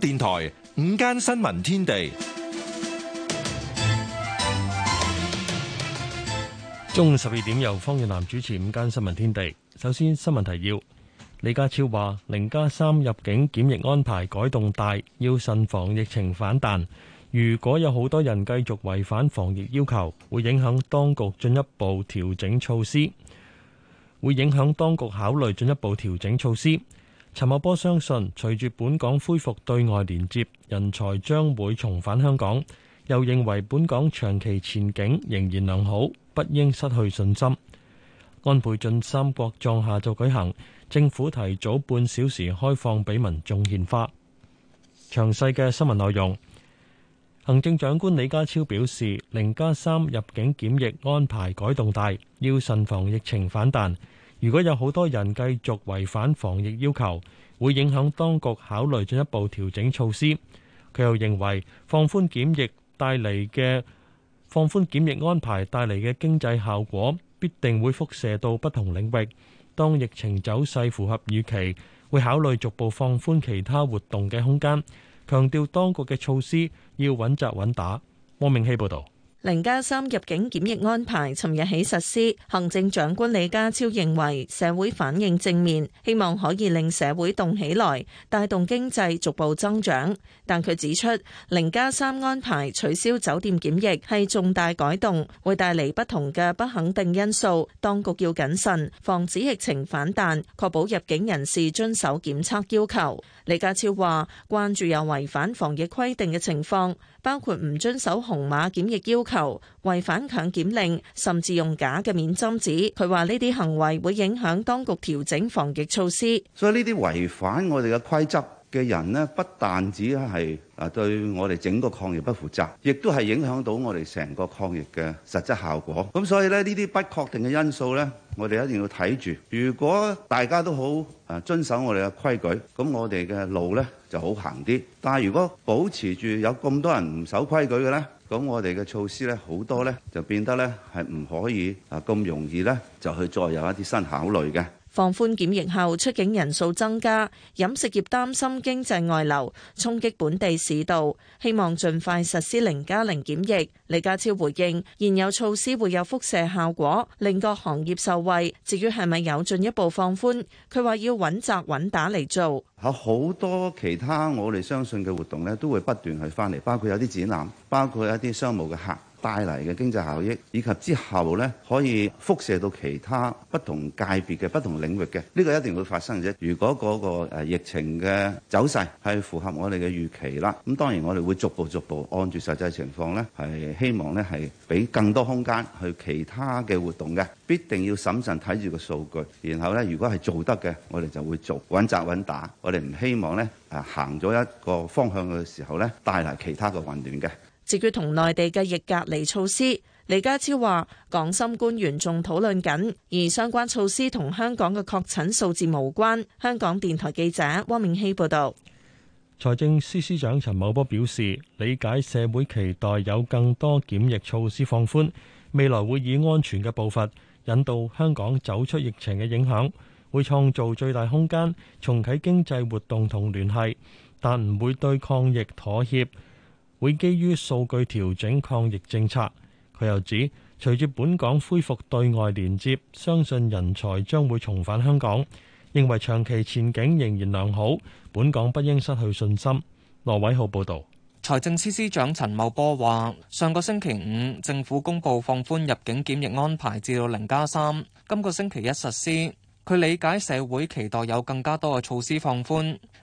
電台午間新聞天地，中午十二點由方若男主持午間新聞天地。首先新聞提要：李家超話零加三入境檢疫安排改動大，要慎防疫情反彈。如果有好多人繼續違反防疫要求，會影響當局進一步調整措施，會影響當局考慮進一步調整措施。陳茂波相信，隨住本港恢復對外連接，人才將會重返香港。又認為本港長期前景仍然良好，不應失去信心。安倍晉三國葬下晝舉行，政府提早半小時開放俾民眾獻花。詳細嘅新聞內容，行政長官李家超表示，零加三入境檢疫安排改動大，要慎防疫情反彈。如果有好多人繼續違反防疫要求，會影響當局考慮進一步調整措施。佢又認為放寬檢疫帶嚟嘅放寬檢疫安排帶嚟嘅經濟效果，必定會輻射到不同領域。當疫情走勢符合預期，會考慮逐步放寬其他活動嘅空間。強調當局嘅措施要穩紮穩打。汪明熙報道。零加三入境檢疫安排，尋日起實施。行政長官李家超認為社會反應正面，希望可以令社會動起來，帶動經濟逐步增長。但佢指出，零加三安排取消酒店檢疫係重大改動，會帶嚟不同嘅不肯定因素，當局要謹慎，防止疫情反彈，確保入境人士遵守檢測要求。李家超話：關注有違反防疫規定嘅情況。包括唔遵守紅馬檢疫要求、違反強檢令，甚至用假嘅免針紙。佢話呢啲行為會影響當局調整防疫措施。所以呢啲違反我哋嘅規則嘅人呢，不但止係啊對我哋整個抗疫不負責，亦都係影響到我哋成個抗疫嘅實質效果。咁所以呢，呢啲不確定嘅因素呢，我哋一定要睇住。如果大家都好啊遵守我哋嘅規矩，咁我哋嘅路呢，就好行啲，但係如果保持住有咁多人唔守規矩嘅咧，咁我哋嘅措施咧好多咧，就變得咧係唔可以啊咁容易咧就去再有一啲新考慮嘅。放寬檢疫後，出境人數增加，飲食業擔心經濟外流衝擊本地市道，希望盡快實施零加零檢疫。李家超回應：現有措施會有輻射效果，令各行業受惠。至於係咪有進一步放寬，佢話要穩紮穩打嚟做。好多其他我哋相信嘅活動咧，都會不斷去翻嚟，包括有啲展覽，包括一啲商務嘅客。帶嚟嘅經濟效益，以及之後呢可以輻射到其他不同界別嘅不同領域嘅，呢個一定會發生嘅。如果嗰個疫情嘅走勢係符合我哋嘅預期啦，咁當然我哋會逐步逐步按住實際情況呢係希望呢係俾更多空間去其他嘅活動嘅。必定要審慎睇住個數據，然後呢，如果係做得嘅，我哋就會做穩紮穩打。我哋唔希望呢誒行咗一個方向嘅時候呢，帶嚟其他嘅混亂嘅。至於同內地嘅疫隔離措施，李家超話：港深官員仲討論緊，而相關措施同香港嘅確診數字無關。香港電台記者汪明希報導。財政司司長陳茂波表示，理解社會期待有更多檢疫措施放寬，未來會以安全嘅步伐引導香港走出疫情嘅影響，會創造最大空間重啟經濟活動同聯繫，但唔會對抗疫妥協。會基於數據調整抗疫政策。佢又指，隨住本港恢復對外連接，相信人才將會重返香港，認為長期前景仍然良好，本港不應失去信心。羅偉浩報導。財政司司長陳茂波話，上個星期五政府公布放寬入境檢疫安排至到零加三，今個星期一實施。佢理解社會期待有更加多嘅措施放寬。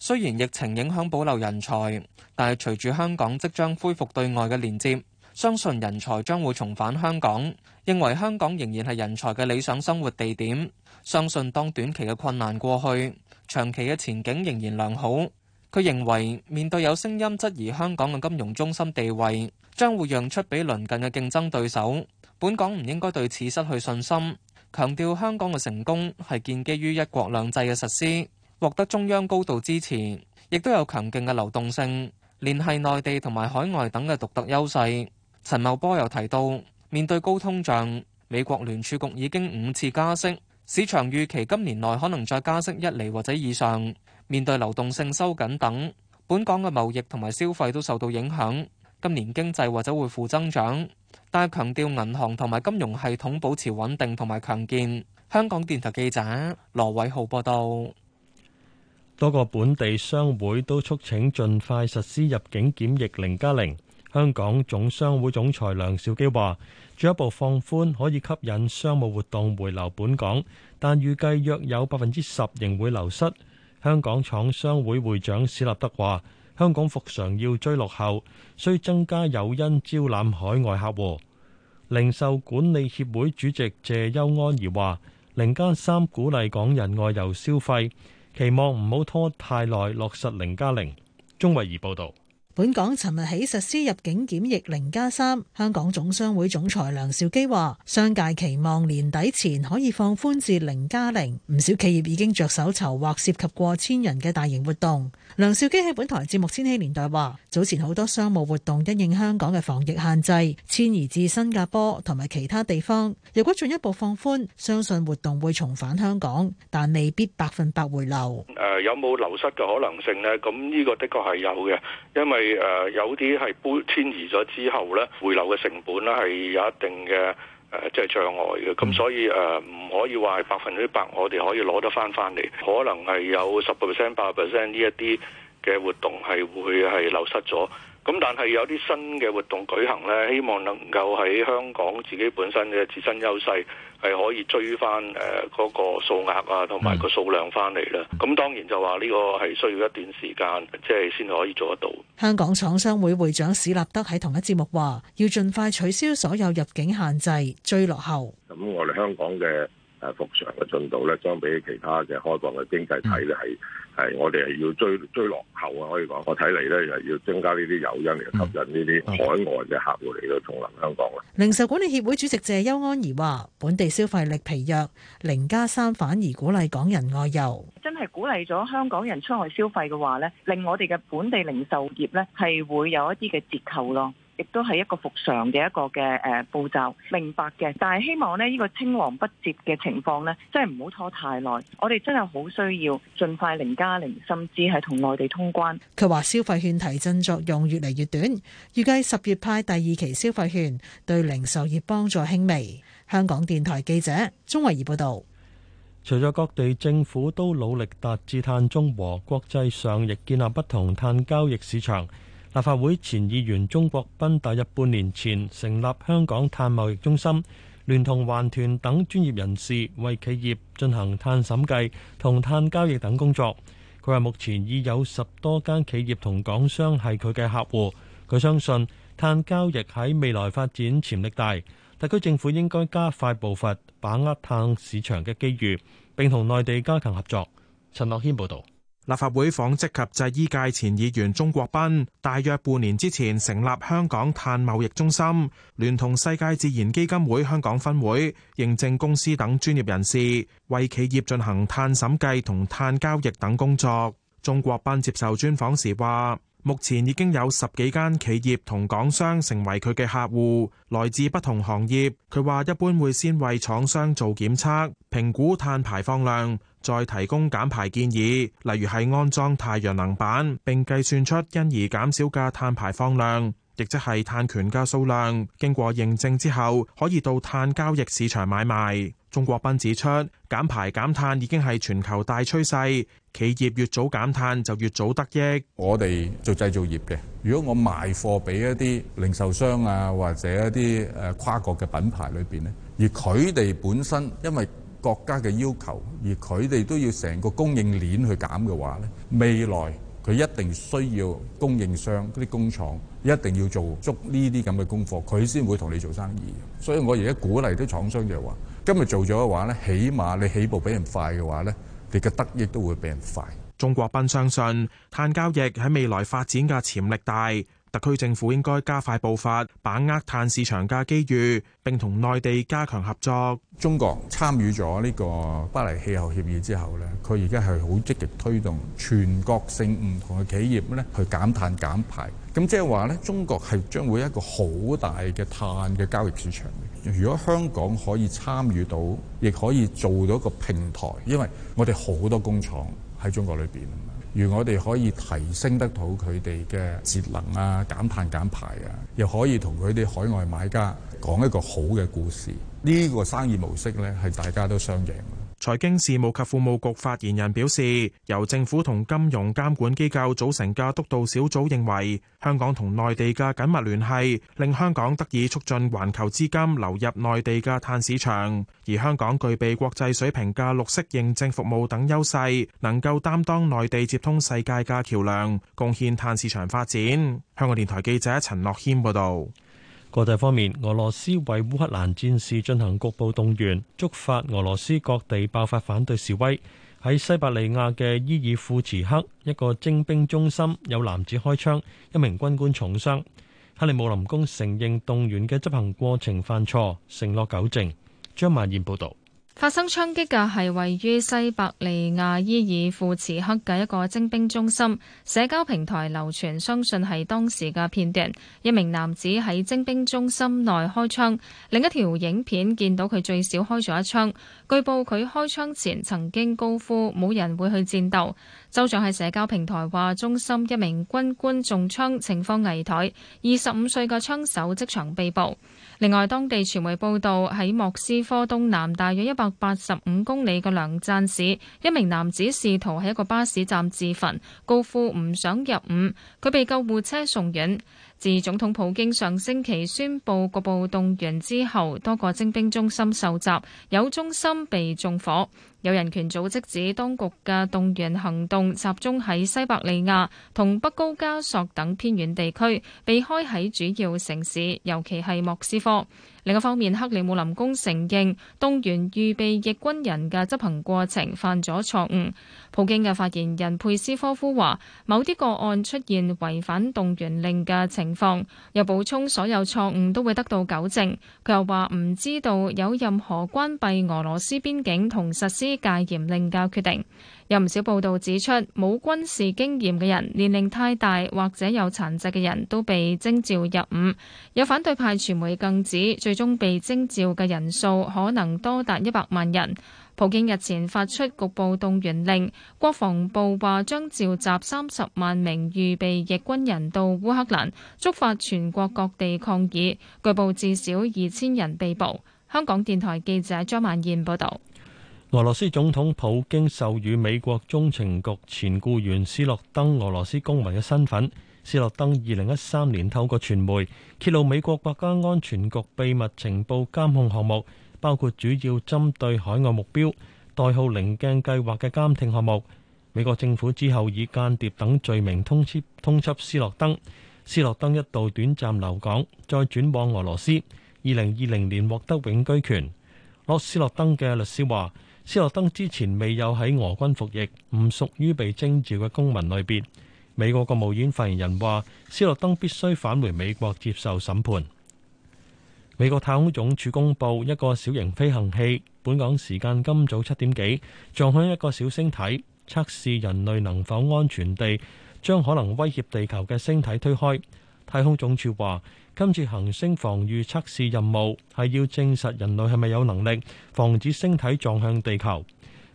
雖然疫情影響保留人才，但係隨住香港即將恢復對外嘅連接，相信人才將會重返香港。認為香港仍然係人才嘅理想生活地點，相信當短期嘅困難過去，長期嘅前景仍然良好。佢認為面對有聲音質疑香港嘅金融中心地位，將會讓出俾鄰近嘅競爭對手，本港唔應該對此失去信心。強調香港嘅成功係建基於一國兩制嘅實施。獲得中央高度支持，亦都有強勁嘅流動性，聯繫內地同埋海外等嘅獨特優勢。陳茂波又提到，面對高通脹，美國聯儲局已經五次加息，市場預期今年內可能再加息一厘或者以上。面對流動性收緊等，本港嘅貿易同埋消費都受到影響，今年經濟或者會負增長。但係強調銀行同埋金融系統保持穩定同埋強健。香港電台記者羅偉浩報道。多個本地商會都促請盡快實施入境檢疫零加零。香港總商會總裁梁兆基話：進一步放寬可以吸引商務活動回流本港，但預計約有百分之十仍會流失。香港廠商會會長史立德話：香港復常要追落後，需增加誘因招攬海外客戶。零售管理協會主席謝邱安怡話：零加三鼓勵港人外遊消費。期望唔好拖太耐，落實零加零。鍾慧怡報道。本港尋日起實施入境檢疫零加三，香港總商會總裁梁兆基話：商界期望年底前可以放寬至零加零，唔少企業已經着手籌劃涉及過千人嘅大型活動。梁兆基喺本台節目《千禧年代》話：早前好多商務活動因應香港嘅防疫限制，遷移至新加坡同埋其他地方。如果進一步放寬，相信活動會重返香港，但未必百分百回流。誒，有冇流失嘅可能性呢？咁呢個的確係有嘅，因為誒，有啲係搬遷移咗之後咧，回流嘅成本咧係有一定嘅誒，即係障礙嘅。咁所以誒，唔可以話係百分之百我哋可以攞得翻翻嚟，可能係有十個 percent、八個 percent 呢一啲嘅活動係會係流失咗。咁但係有啲新嘅活動舉行咧，希望能夠喺香港自己本身嘅自身優勢係可以追翻誒嗰個數額啊，同埋個數量翻嚟啦。咁、嗯、當然就話，呢個係需要一段時間，即係先可以做得到。香港廠商會會長史立德喺同一節目話，要盡快取消所有入境限制，追落後。咁、嗯、我哋香港嘅。誒、啊、復常嘅進度咧，相比其他嘅開放嘅經濟體咧，係係、嗯、我哋係要追追落後啊！可以講，我睇嚟咧又要增加呢啲誘因嚟吸引呢啲海外嘅客戶嚟到重臨香港啦。零售管理協會主席謝邱安儀話：本地消費力疲弱，零加三反而鼓勵港人外遊。真係鼓勵咗香港人出外消費嘅話咧，令我哋嘅本地零售業咧係會有一啲嘅折扣咯。亦都係一個復常嘅一個嘅誒步驟，明白嘅。但係希望呢，呢個青黃不接嘅情況呢，真係唔好拖太耐。我哋真係好需要盡快零加零，甚至係同內地通關。佢話消費券提振作用越嚟越短，預計十月派第二期消費券對零售業幫助輕微。香港電台記者鍾慧儀報道。除咗各地政府都努力達至碳中和，國際上亦建立不同碳交易市場。立法會前議員鍾國斌大約半年前成立香港碳貿易中心，聯同環團等專業人士為企業進行碳審計同碳交易等工作。佢話目前已有十多間企業同港商係佢嘅客戶。佢相信碳交易喺未來發展潛力大，特區政府應該加快步伐，把握碳市場嘅機遇，並同內地加強合作。陳樂軒報導。立法會紡織及製衣界前議員鍾國斌，大約半年之前成立香港碳貿易中心，聯同世界自然基金會香港分會認證公司等專業人士，為企業進行碳審計同碳交易等工作。鍾國斌接受專訪時話，目前已經有十幾間企業同港商成為佢嘅客戶，來自不同行業，佢話一般會先為廠商做檢測評估碳排放量。再提供減排建議，例如係安裝太陽能板，並計算出因而減少嘅碳排放量，亦即係碳權嘅數量。經過認證之後可以到碳交易市場買賣。鍾國斌指出，減排減碳已經係全球大趨勢，企業越早減碳就越早得益。我哋做製造業嘅，如果我賣貨俾一啲零售商啊，或者一啲誒跨國嘅品牌裏邊咧，而佢哋本身因為。國家嘅要求，而佢哋都要成個供應鏈去減嘅話呢，未來佢一定需要供應商嗰啲工廠一定要做足呢啲咁嘅功課，佢先會同你做生意。所以我而家鼓勵啲廠商就係話：今日做咗嘅話呢，起碼你起步比人快嘅話呢，你嘅得益都會比人快。鍾國斌相信碳交易喺未來發展嘅潛力大。特區政府應該加快步伐，把握碳市場嘅機遇，並同內地加強合作。中國參與咗呢個巴黎氣候協議之後咧，佢而家係好積極推動全國性唔同嘅企業咧去減碳減排。咁即係話咧，中國係將會一個好大嘅碳嘅交易市場。如果香港可以參與到，亦可以做到一個平台，因為我哋好多工廠喺中國裏邊。如我哋可以提升得到佢哋嘅節能啊、減碳減排啊，又可以同佢哋海外買家講一個好嘅故事，呢個生意模式咧係大家都雙贏。財經事務及庫務局發言人表示，由政府同金融監管機構組成嘅督導小組認為，香港同內地嘅緊密聯繫，令香港得以促進環球資金流入內地嘅碳市場，而香港具備國際水平嘅綠色認證服務等優勢，能夠擔當內地接通世界嘅橋樑，貢獻碳市場發展。香港電台記者陳樂謙報道。國際方面，俄羅斯為烏克蘭戰事進行局部動員，觸發俄羅斯各地爆發反對示威。喺西伯利亞嘅伊爾庫茨克一個徵兵中心，有男子開槍，一名軍官重傷。克里姆林宮承認動員嘅執行過程犯錯，承諾糾正。張曼燕報導。發生槍擊嘅係位於西伯利亞伊爾庫茨克嘅一個徵兵中心，社交平台流傳相信係當時嘅片段，一名男子喺徵兵中心內開槍，另一條影片見到佢最少開咗一槍。據報佢開槍前曾經高呼冇人會去戰鬥。州長喺社交平台話，中心一名軍官中槍，情況危殆，二十五歲嘅槍手即場被捕。另外，當地傳媒報道喺莫斯科東南大約一百八十五公里嘅梁贊市，一名男子試圖喺一個巴士站自焚，高呼唔想入伍，佢被救護車送院。自總統普京上星期宣布局部動員之後，多個徵兵中心受襲，有中心被縱火。有人權組織指，當局嘅動員行動集中喺西伯利亞同北高加索等偏遠地區，避開喺主要城市，尤其係莫斯科。另一方面，克里姆林宮承認動員預備役軍人嘅執行過程犯咗錯誤。普京嘅發言人佩斯科夫話：某啲個案出現違反動員令嘅情況，又補充所有錯誤都會得到糾正。佢又話唔知道有任何關閉俄羅斯邊境同實施戒嚴令嘅決定。有唔少報道指出，冇軍事經驗嘅人、年齡太大或者有殘疾嘅人都被徵召入伍。有反對派傳媒更指，最終被徵召嘅人數可能多達一百萬人。普京日前發出局部動員令，國防部話將召集三十萬名預備役,役軍人到烏克蘭，觸發全國各地抗議，據報至少二千人被捕。香港電台記者張曼燕報道。俄羅斯總統普京授予美國中情局前雇員斯諾登俄羅斯公民嘅身份。斯諾登二零一三年透過傳媒揭露美國國家安全局秘密情報監控項目。包括主要針對海外目標，代號稜鏡計劃嘅監聽項目，美國政府之後以間諜等罪名通緝通緝斯諾登。斯諾登一度短暫留港，再轉往俄羅斯，二零二零年獲得永居權。洛斯諾登嘅律師話：斯諾登之前未有喺俄軍服役，唔屬於被徵召嘅公民類別。美國國務院發言人話：斯諾登必須返回美國接受審判。美國太空總署公布一個小型飛行器，本港時間今早七點幾撞向一個小星體，測試人類能否安全地將可能威脅地球嘅星體推開。太空總署話，今次行星防御測試任務係要證實人類係咪有能力防止星體撞向地球。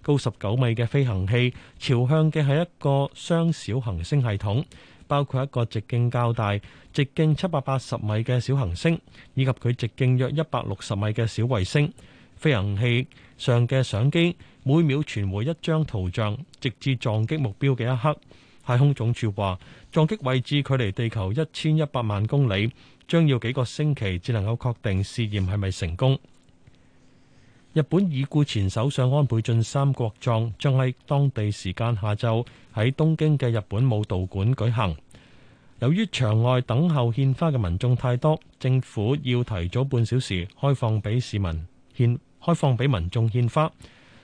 高十九米嘅飛行器，朝向嘅係一個雙小行星系統，包括一個直徑較大、直徑七百八十米嘅小行星，以及佢直徑約一百六十米嘅小衛星。飛行器上嘅相機每秒傳回一張圖像，直至撞擊目標嘅一刻。太空總署話，撞擊位置距離地球一千一百萬公里，將要幾個星期至能夠確定試驗係咪成功。日本已故前首相安倍晉三國葬將喺當地時間下晝喺東京嘅日本武道館舉行。由於場外等候獻花嘅民眾太多，政府要提早半小時開放俾市民獻開放俾民眾獻花。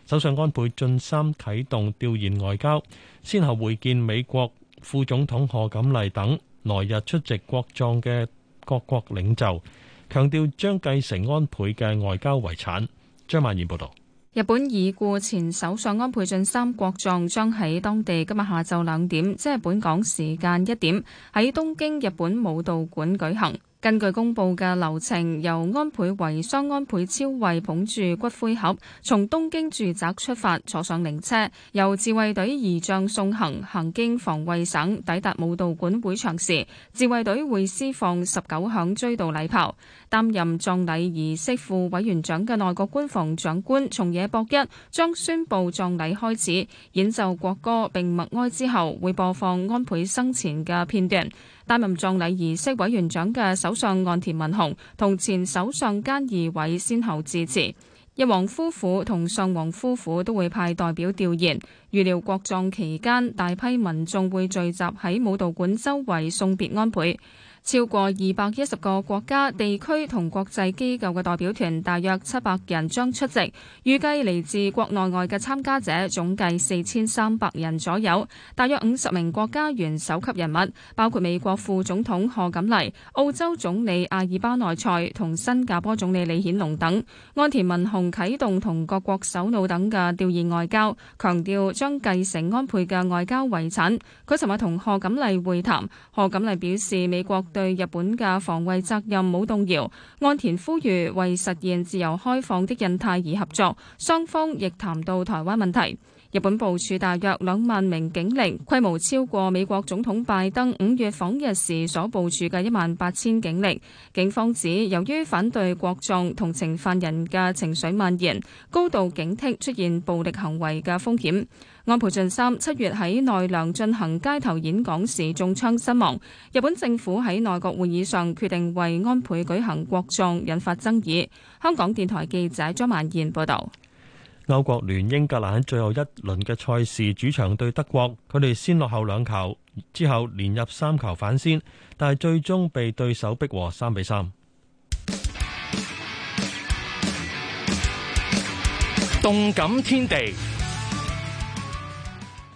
首相安倍晉三啟動吊唁外交，先後會見美國副總統賀錦麗等，來日出席國葬嘅各國領袖強調將繼承安倍嘅外交遺產。張曼怡報道，日本已故前首相安倍晉三國葬將喺當地今日下晝兩點，即係本港時間一點，喺東京日本武道館舉行。根據公佈嘅流程，由安倍遺孀安倍昭惠捧住骨灰盒，從東京住宅出發，坐上靈車，由自衛隊儀仗送行，行經防衛省，抵達武道館會場時，自衛隊會施放十九響追悼禮炮。擔任葬禮儀式副委員長嘅內閣官房長官松野博一將宣布葬禮開始，演奏國歌並默哀之後，會播放安倍生前嘅片段。擔任葬禮儀式委員長嘅首相岸田文雄同前首相菅義偉先後致辭，日王夫婦同上皇夫婦都會派代表弔唁。預料國葬期間，大批民眾會聚集喺武道館周圍送別安倍。超過二百一十個國家、地區同國際機構嘅代表團，大約七百人將出席。預計嚟自國內外嘅參加者總計四千三百人左右。大約五十名國家元首級人物，包括美國副總統賀錦麗、澳洲總理阿爾巴內塞同新加坡總理李顯龍等。安田文雄啟動同各國首腦等嘅弔唁外交，強調將繼承安倍嘅外交遺產。佢尋日同賀錦麗會談，賀錦麗表示美國。對日本嘅防衛責任冇動搖，岸田呼籲為實現自由開放的印太而合作，雙方亦談到台灣問題。日本部署大約兩萬名警力，規模超過美國總統拜登五月訪日時所部署嘅一萬八千警力。警方指，由於反對國葬同情犯人嘅情緒蔓延，高度警惕出現暴力行為嘅風險。安倍晉三七月喺奈良進行街頭演講時中槍身亡。日本政府喺內閣會議上決定為安倍舉行國葬，引發爭議。香港電台記者張曼燕報導。歐國聯英格蘭喺最後一輪嘅賽事主場對德國，佢哋先落後兩球，之後連入三球反先，但係最終被對手逼和三比三。動感天地，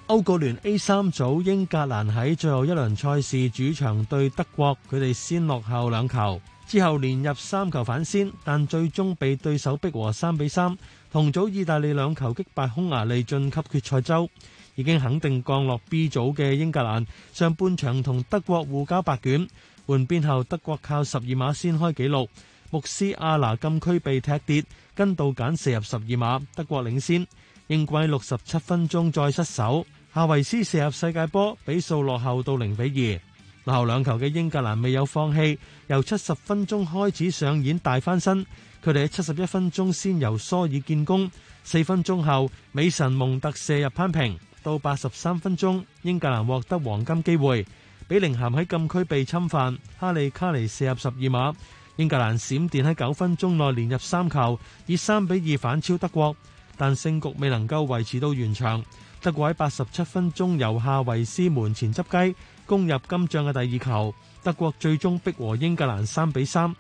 歐國聯 A 三組英格蘭喺最後一輪賽事主場對德國，佢哋先落後兩球，之後連入三球反先，但最終被對手逼和三比三。同組意大利兩球擊敗匈牙利晉級決賽周，已經肯定降落 B 組嘅英格蘭上半場同德國互交白卷，換邊後德國靠十二碼先開紀錄，慕西亞拿禁區被踢跌，根度簡射，射入十二碼，德國領先。應季六十七分鐘再失守，夏維斯射入世界波，比數落後到零比二。落後兩球嘅英格蘭未有放棄，由七十分鐘開始上演大翻身。佢哋喺七十一分鐘先由蘇爾建功，四分鐘後美神蒙特射入扳平。到八十三分鐘，英格蘭獲得黃金機會，比寧咸喺禁區被侵犯，哈利卡尼射入十二碼。英格蘭閃電喺九分鐘內連入三球，以三比二反超德國，但勝局未能夠維持到完場。德國喺八十七分鐘由夏維斯門前執雞。攻入金將嘅第二球，德國最終逼和英格蘭三比三。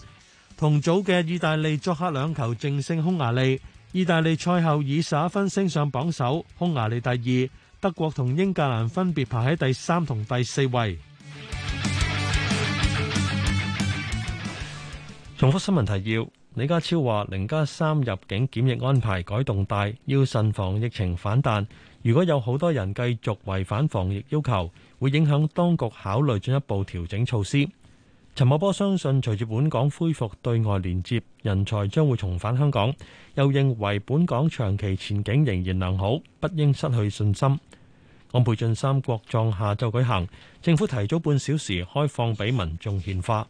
同組嘅意大利作客兩球淨勝匈牙利，意大利賽後以十一分升上榜首，匈牙利第二，德國同英格蘭分別排喺第三同第四位。重複新聞提要。李家超話，零加三入境檢疫安排改動大，要慎防疫情反彈。如果有好多人繼續違反防疫要求，會影響當局考慮進一步調整措施。陳茂波相信，隨住本港恢復對外連接，人才將會重返香港。又認為本港長期前景仍然良好，不應失去信心。安倍晉三國葬下晝舉行，政府提早半小時開放俾民眾獻花。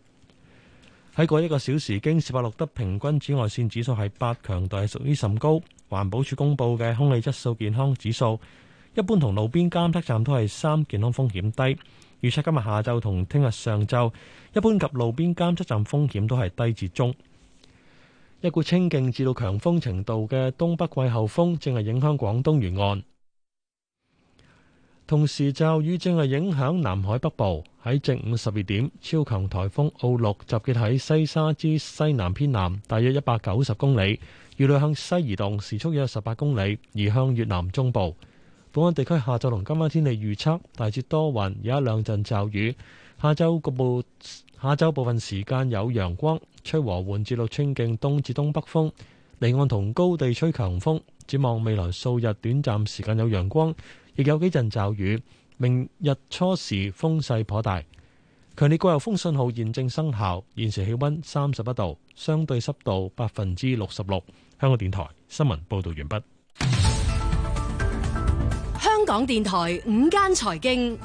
喺過一個小時經，京士柏錄得平均紫外線指數係八，強度係屬於甚高。環保署公布嘅空氣質素健康指數，一般同路邊監測站都係三，健康風險低。預測今日下晝同聽日上晝，一般及路邊監測站風險都係低至中。一股清勁至到強風程度嘅東北季候風正係影響廣東沿岸。同時，驟雨正係影響南海北部。喺正午十二點超強台風奧鹿集結喺西沙之西南偏南，大約一百九十公里，預料向西移動時速約十八公里，移向越南中部。本港地區下晝同今晚天氣預測大致多雲有一兩陣驟雨。下晝局部下晝部分時間有陽光，吹和緩至到清勁東至東北風離岸同高地吹強風，展望未來數日，短暫時間有陽光。亦有幾陣驟雨，明日初時風勢頗大，強烈季候風信號現正生效。現時氣温三十一度，相對濕度百分之六十六。香港電台新聞報道完畢。香港電台午間財經。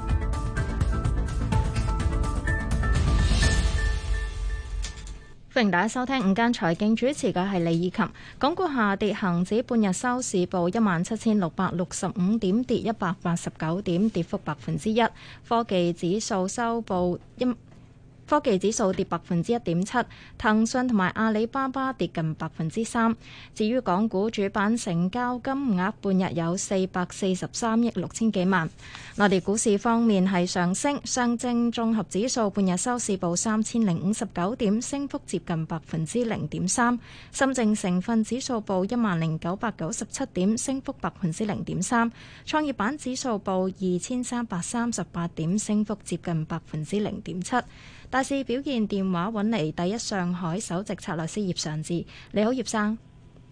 歡迎大家收聽午間財經，主持嘅係李以琴。港股下跌，恒指半日收市報一萬七千六百六十五點，跌一百八十九點，跌幅百分之一。科技指數收報一。科技指數跌百分之一點七，騰訊同埋阿里巴巴跌近百分之三。至於港股主板成交金額，半日有四百四十三億六千幾萬。內地股市方面係上升，上證綜合指數半日收市報三千零五十九點，升幅接近百分之零點三。深證成分指數報一萬零九百九十七點，升幅百分之零點三。創業板指數報二千三百三十八點，升幅接近百分之零點七。大市表現。電話揾嚟，第一上海首席策略師葉尚志，你好，葉生。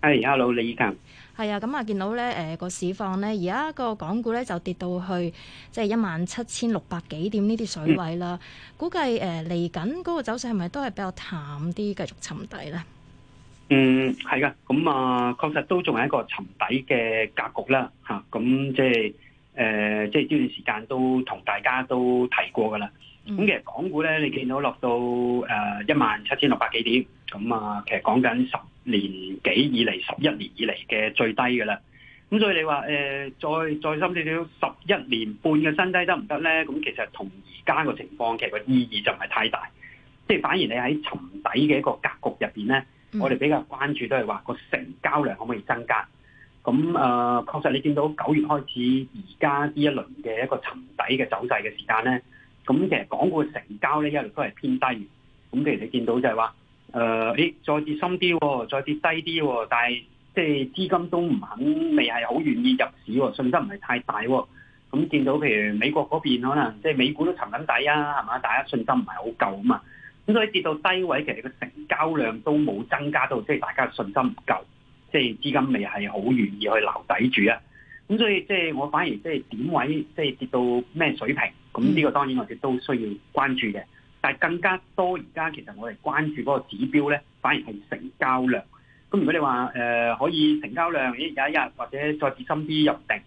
係、hey，hello，李嘉。係啊，咁啊，見到咧，誒，個市況咧，而家個港股咧就跌到去即係一萬七千六百幾點呢啲水位啦。Mm. 估計誒嚟緊嗰個走勢係咪都係比較淡啲，繼續沉底咧、嗯？嗯，係噶，咁啊，確實都仲係一個沉底嘅格局啦，吓，咁即係誒，即係呢、呃、段時間都同大家都提過噶啦。咁、嗯、其實港股咧，你見到落到誒一萬七千六百幾點，咁、嗯、啊，其實講緊十年幾以嚟，十一年以嚟嘅最低㗎啦。咁、嗯、所以你話誒、呃，再再深少少十一年半嘅新低得唔得咧？咁、嗯嗯、其實同而家個情況其實個意義就唔係太大，即係反而你喺沉底嘅一個格局入邊咧，我哋比較關注都係話個成交量可唔可以增加。咁、嗯、啊、呃，確實你見到九月開始而家呢一輪嘅一個沉底嘅走勢嘅時間咧。咁其實港股成交咧一路都係偏低，咁譬如你見到就係話，誒、呃，再跌深啲、哦，再跌低啲、哦，但係即係資金都唔肯，未係好願意入市喎、哦，信心唔係太大喎、哦。咁見到譬如美國嗰邊可能即係、就是、美股都沉緊底啊，係嘛？大家信心唔係好夠啊嘛。咁所以跌到低位，其實個成交量都冇增加到，即、就、係、是、大家信心唔夠，即、就、係、是、資金未係好願意去留底住啊。咁所以即係我反而即係點位即係跌到咩水平，咁呢個當然我哋都需要關注嘅。但係更加多而家其實我哋關注嗰個指標咧，反而係成交量。咁如果你話誒、呃、可以成交量有一日或者再跌深啲入定，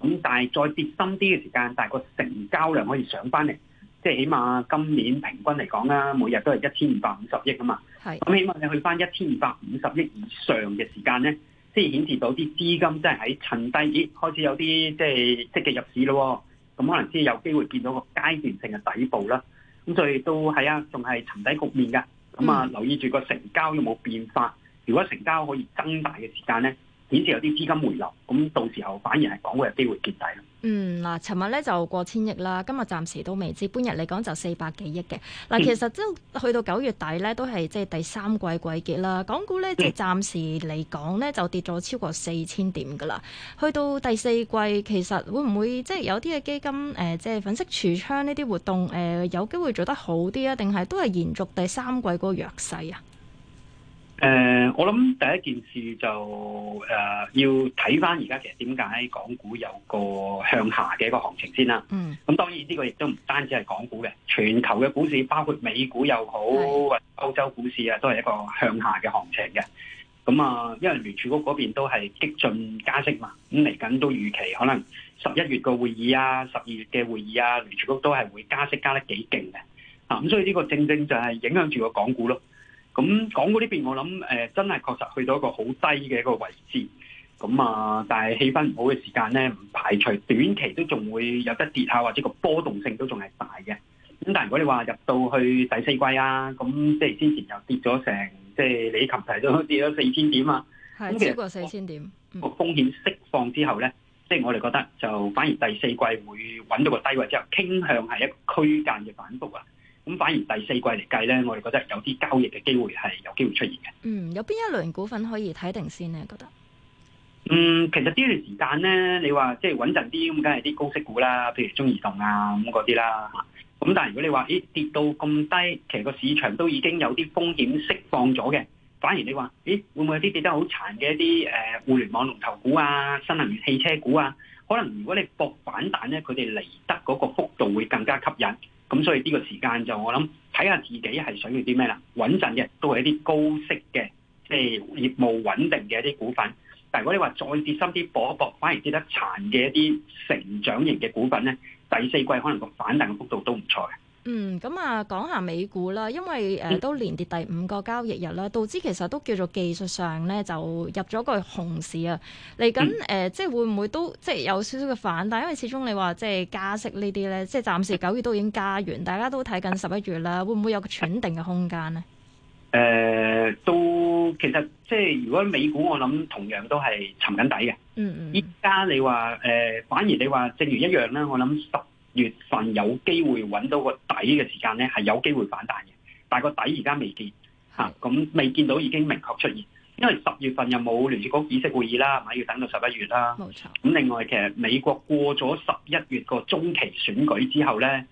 咁但係再跌深啲嘅時間，大概成交量可以上翻嚟。即、就、係、是、起碼今年平均嚟講啦，每日都係一千二百五十億啊嘛。係咁，起碼你去翻一千二百五十億以上嘅時間咧，即係顯示到啲資金即係喺趁低咦，開始有啲即係積極入市咯，咁可能先有機會見到個階段性嘅底部啦。咁所以都係啊，仲係沉底局面㗎。咁啊，留意住個成交有冇變化，如果成交可以增大嘅時間咧，顯示有啲資金回流，咁到時候反而係講會有機會見底啦。嗯嗱，尋日咧就過千億啦，今日暫時都未知。半日嚟講就四百幾億嘅嗱，其實即去到九月底咧，都係即係第三季季結啦。港股咧，即係、嗯、暫時嚟講咧，就跌咗超過四千點噶啦。去到第四季，其實會唔會即係有啲嘅基金誒、呃，即係粉飾櫥窗呢啲活動誒、呃，有機會做得好啲啊？定係都係延續第三季嗰個弱勢啊？誒、呃，我諗第一件事就誒、呃，要睇翻，而家其實點解港股有個向下嘅一個行情先啦。嗯。咁當然呢個亦都唔單止係港股嘅，全球嘅股市包括美股又好，嗯、或者歐洲股市啊，都係一個向下嘅行情嘅。咁、嗯、啊，因為聯儲局嗰邊都係激進加息嘛，咁嚟緊都預期可能十一月嘅會議啊，十二月嘅會議啊，聯儲局都係會加息，加得幾勁嘅。啊，咁所以呢個正正正就係影響住個港股咯。咁港股呢邊我諗，誒、呃，真係確實去到一個好低嘅一個位置，咁、嗯、啊，但係氣氛唔好嘅時間咧，唔排除短期都仲會有得跌下，或者個波動性都仲係大嘅。咁但係如果你話入到去第四季啊，咁即係之前又跌咗成，即係你琴日都跌咗四千點啊，咁其實超過四千點個、嗯、風險釋放之後咧，即、就、係、是、我哋覺得就反而第四季會揾到個低位之後，傾向係一個區間嘅反覆啊。咁反而第四季嚟計咧，我哋覺得有啲交易嘅機會係有機會出現嘅。嗯，有邊一輪股份可以睇定先咧？覺得嗯，其實呢段時間咧，你話即係穩陣啲咁，梗係啲高息股啦，譬如中移動啊咁嗰啲啦嚇。咁但係如果你話咦跌到咁低，其實個市場都已經有啲風險釋放咗嘅。反而你話咦，會唔會有啲跌得好殘嘅一啲誒互聯網龍頭股啊、新能源汽車股啊？可能如果你博反彈咧，佢哋嚟得嗰個幅度會更加吸引。咁所以呢個時間就我諗睇下自己係想要啲咩啦，穩陣嘅都係一啲高息嘅，即、欸、係業務穩定嘅一啲股份。但如果你話再跌深啲搏一搏，反而跌得殘嘅一啲成長型嘅股份咧，第四季可能個反彈嘅幅度都唔錯嘅。嗯，咁啊，講下美股啦，因為誒、呃、都連跌第五個交易日啦，道指其實都叫做技術上咧就入咗個熊市啊，嚟緊誒，即係會唔會都即係有少少嘅反彈？因為始終你話即係加息呢啲咧，即係暫時九月都已經加完，大家都睇緊十一月啦， 會唔會有個喘定嘅空間咧？誒、呃，都其實即係如果美股，我諗同樣都係沉緊底嘅。嗯嗯。依家你話誒、呃，反而你話正如一樣啦，我諗十。月份有機會揾到個底嘅時間咧，係有機會反彈嘅，但係個底而家未見嚇，咁未是的、啊、見到已經明確出現，因為十月份又冇聯儲局議息會議啦，係咪要等到十一月啦？冇錯。咁另外其實美國過咗十一月個中期選舉之後咧，誒、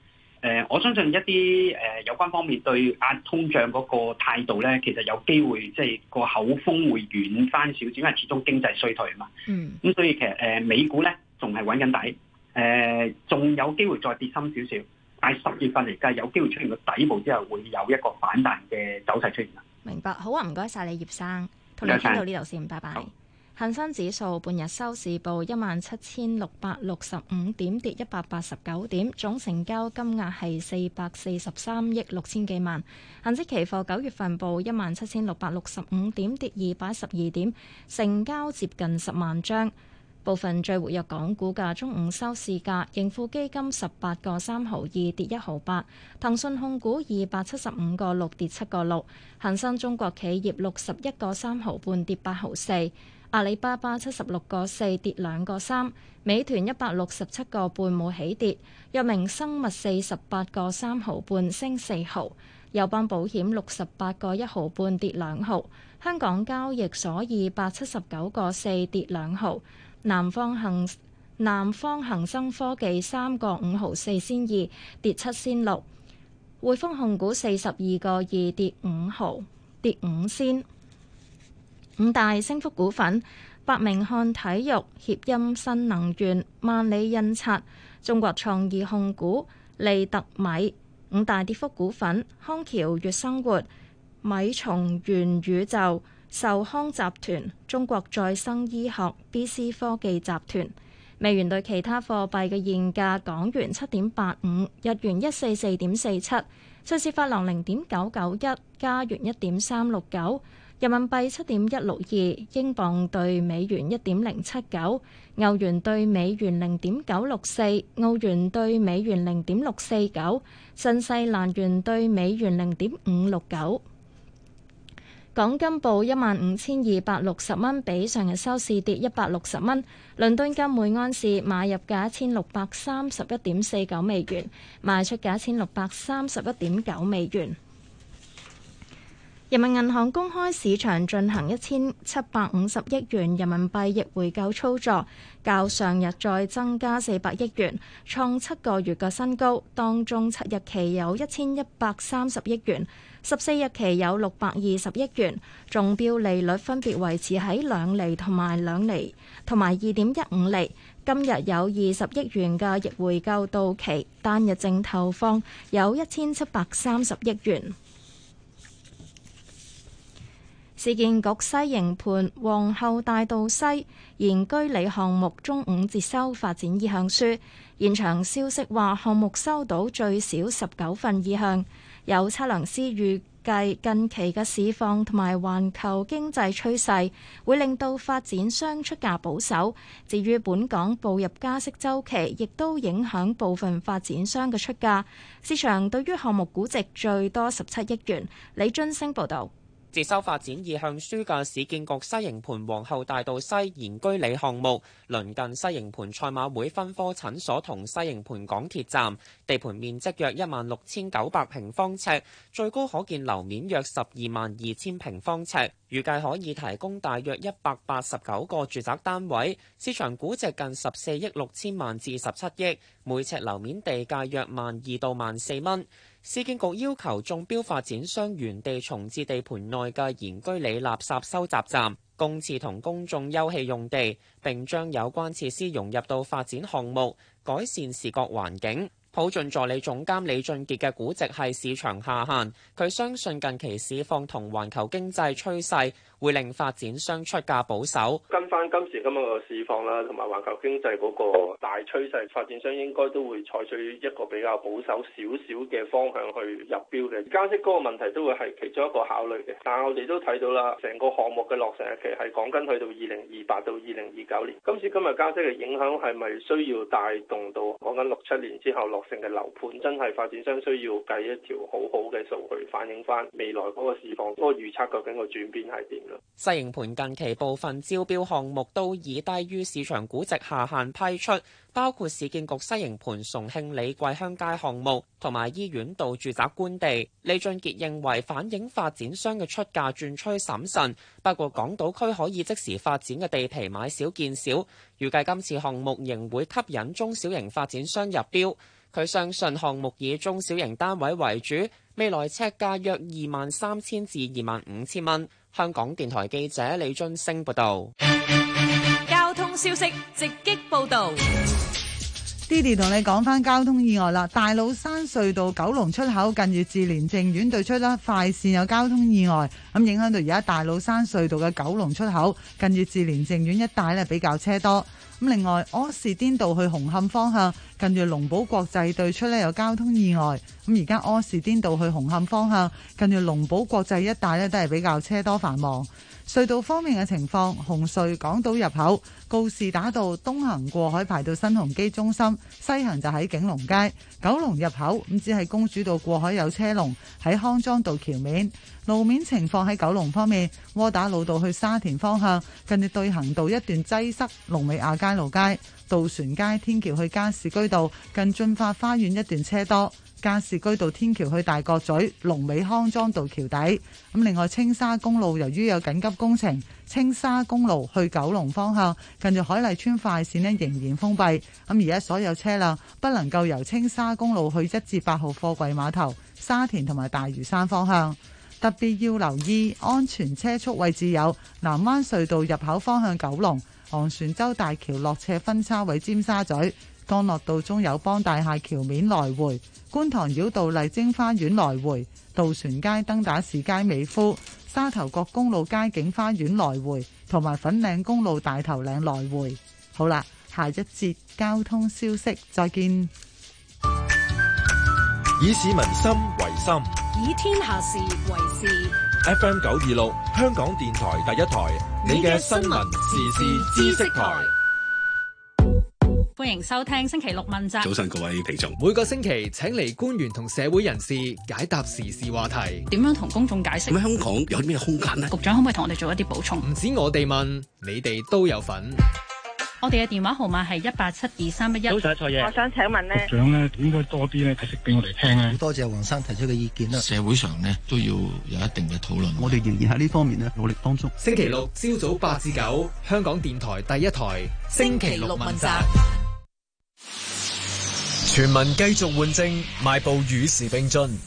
呃，我相信一啲誒有關方面對壓通脹嗰個態度咧，其實有機會即係個口風會軟返少少，因為始終經濟衰退啊嘛。嗯。咁所以其實誒美股咧，仲係揾緊底。誒，仲、呃、有機會再跌深少少，但係十月份嚟計有機會出現個底部之後，會有一個反彈嘅走勢出現。明白，好啊，唔該晒你，葉生，同你傾到呢度先，拜拜。恒好生指數半日收市報一萬七千六百六十五點，跌一百八十九點，總成交金額係四百四十三億六千幾萬。恒指期貨九月份報一萬七千六百六十五點，跌二百一十二點，成交接近十萬張。部分最活躍港股價，中午收市價，盈富基金十八個三毫二，跌一毫八；騰訊控股二百七十五個六，跌七個六；恒生中國企業六十一個三毫半，跌八毫四；阿里巴巴七十六個四，跌兩個三；美團一百六十七個半冇起跌；藥明生物四十八個三毫半，升四毫；友邦保險六十八個一毫半，跌兩毫；香港交易所二百七十九個四，跌兩毫。南方，南方恒生科技三個五毫四先二，跌七先六，匯豐控股四十二個二，跌五毫跌五先。五大升幅股份：百名漢體育、協鑫新能源、萬里印刷、中國創意控股、利特米。五大跌幅股份：康橋悅生活、米松元宇宙。壽康集團、中國再生醫學、BC 科技集團。美元兌其他貨幣嘅現價：港元七點八五，日元一四四點四七，瑞士法郎零點九九一，加元一點三六九，人民幣七點一六二，英鎊兌美元一點零七九，歐元兌美元零點九六四，澳元兌美元零點六四九，新西蘭元兌美元零點五六九。港金報一萬五千二百六十蚊，比上日收市跌一百六十蚊。倫敦金每安士買入價一千六百三十一點四九美元，賣出價一千六百三十一點九美元。人民銀行公開市場進行一千七百五十億元人民幣逆回購操作，較上日再增加四百億元，創七個月嘅新高，當中七日期有一千一百三十億元。十四日期有六百二十億元，中標利率分別維持喺兩厘同埋兩厘，同埋二點一五厘。今日有二十億元嘅逆回購到期，單日淨投放有一千七百三十億元。市建 局西營盤皇后大道西賢居里項目中午接收發展意向書，現場消息話項目收到最少十九份意向。有測量師預計近期嘅市況同埋環球經濟趨勢，會令到發展商出價保守。至於本港步入加息週期，亦都影響部分發展商嘅出價。市場對於項目估值最多十七億元。李津升報導。接收發展意向書嘅市建局西營盤皇后大道西賢居里項目，鄰近西營盤賽馬會分科診所同西營盤港鐵站，地盤面積約一萬六千九百平方尺，最高可建樓面約十二萬二千平方尺，預計可以提供大約一百八十九個住宅單位，市場估值近十四億六千萬至十七億，每尺樓面地價約萬二到萬四蚊。14, 市建局要求中標發展商原地重置地盤內嘅沿居里垃圾收集站、公廁同公眾休憩用地，並將有關設施融入到發展項目，改善視覺環境。普進助理總監李俊杰嘅估值係市場下限，佢相信近期市況同環球經濟趨勢，會令發展商出價保守。跟翻今時今日嘅市況啦，同埋環球經濟嗰個大趨勢，發展商應該都會採取一個比較保守少少嘅方向去入標嘅。加息嗰個問題都會係其中一個考慮嘅。但係我哋都睇到啦，成個項目嘅落成日期係講緊去到二零二八到二零二九年。今次今日加息嘅影響係咪需要帶動到講緊六七年之後落成嘅樓盤，真係發展商需要計一條好好嘅數據反映翻未來嗰個市況，嗰個預測究竟個轉變係點？西營盤近期部分招標項目都以低於市場估值下限批出，包括市建局西營盤崇慶里李桂香街項目同埋醫院道住宅官地。李俊杰認為反映發展商嘅出價轉趨審慎，不過港島區可以即時發展嘅地皮買少見少，預計今次項目仍會吸引中小型發展商入標。佢相信項目以中小型單位為主，未來尺價約二萬三千至二萬五千蚊。香港電台記者李俊升報道，交通消息直擊報道，Daddy 同你講翻交通意外啦，大老山隧道九龍出口近住志蓮淨苑對出啦快線有交通意外，咁影響到而家大老山隧道嘅九龍出口近住志蓮淨苑一帶咧比較車多。咁另外柯士甸道去紅磡方向，近住龍堡國際對出咧有交通意外，咁而家柯士甸道去紅磡方向，近住龍堡國際一帶咧都係比較車多繁忙。隧道方面嘅情況，紅隧港島入口告士打道東行過海排到新鴻基中心，西行就喺景隆街九龍入口。唔只係公主道過海有車龍，喺康莊道橋面。路面情況，喺九龍方面，窩打老道去沙田方向近住對行道一段擠塞，龍尾亞皆老街。渡船街天橋去加士居道近駿發花園一段車多。加士居道天橋去大角咀、龍尾康莊道橋底，咁另外青沙公路由於有緊急工程，青沙公路去九龍方向近住海麗村快線咧仍然封閉。咁而家所有車輛不能夠由青沙公路去一至八號貨櫃碼頭、沙田同埋大嶼山方向。特別要留意安全車速位置有南灣隧道入口方向九龍、昂船洲大橋落斜分叉位、尖沙咀、江樂道中友邦大廈橋面來回。觀塘繞道麗晶花園來回，渡船街登打士街美孚，沙頭角公路街景花園來回，同埋粉嶺公路大頭嶺來回。好啦，下一節交通消息，再見。以市民心為心，以天下事為事。FM 九二六，香港電台第一台，你嘅新聞時事知識台。歡迎收聽星期六問責。早晨各位聽眾，每個星期請嚟官員同社會人士解答時事話題。點樣同公眾解釋？香港有啲咩空間呢？局長可唔可以同我哋做一啲補充？唔止我哋問，你哋都有份。我哋嘅電話號碼係一八七二三一一。我想請問呢，局長呢應該多啲呢解釋俾我哋聽呢。多謝黃生提出嘅意見啦。社會上呢都要有一定嘅討論。我哋仍然喺呢方面呢努力當中。星期六朝早八至九，香港電台第一台星期六問責。全民繼續換證，邁步與時並進。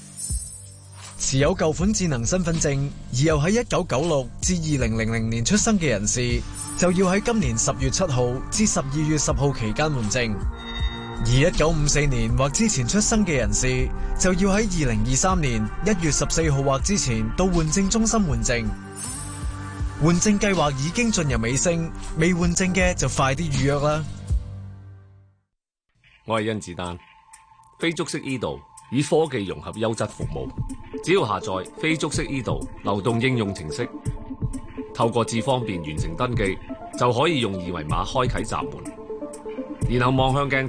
持有舊款智能身份證而又喺一九九六至二零零零年出生嘅人士，就要喺今年十月七號至十二月十號期間換證；而一九五四年或之前出生嘅人士，就要喺二零二三年一月十四號或之前到換證中心換證。換證計劃已經進入尾聲，未換證嘅就快啲預約啦。我係甄子丹，非觸式 e 道以科技融合優質服務。只要下載非觸式 e 道流動應用程式，透過智方便完成登記，就可以用二維碼開啟閘門，然後望向鏡。